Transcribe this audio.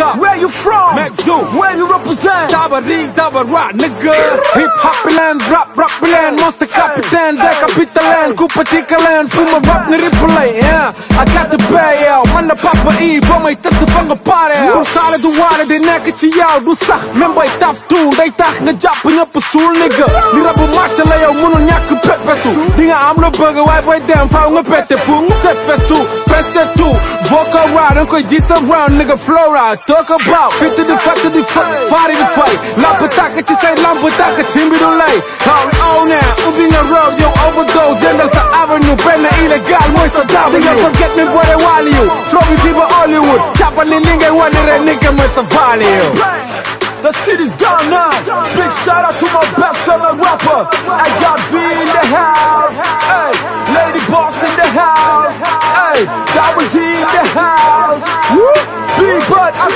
nigga. Where you from? Maxu. Where you represent? Tabari, Tabara, nigga. Hip hop land, rap, rap land, monster captain, da capitalan, kupa tikalan, fuma rap ni replay, yeah. I got the pay, yeah. Wanna papa e, but my tata fanga pare. Sale do ware, de neka chi yao, do sah, memba i taf tu, dai tah na japa na pasul, nigga. Ni rabu marshala yao, munu nyaku pet pasu i am lu bëgg way boy dem faaw nga pété pour mu def festu pété tout vocal wild ko gis just around, nigga flow out talk about fit to the fuck to the fight, fight the fight la pataka ci say lamb pataka ci mbi do lay how we on now we being a road yo overdose then that's the avenue ben the illegal moi so down they going forget me what i want you flow with people hollywood tap on the nigga when the nigga must survive you The city's gone now. Big shout out to my best friend rapper. I got V. house. Hey, that was in the house. Woo! Big bud.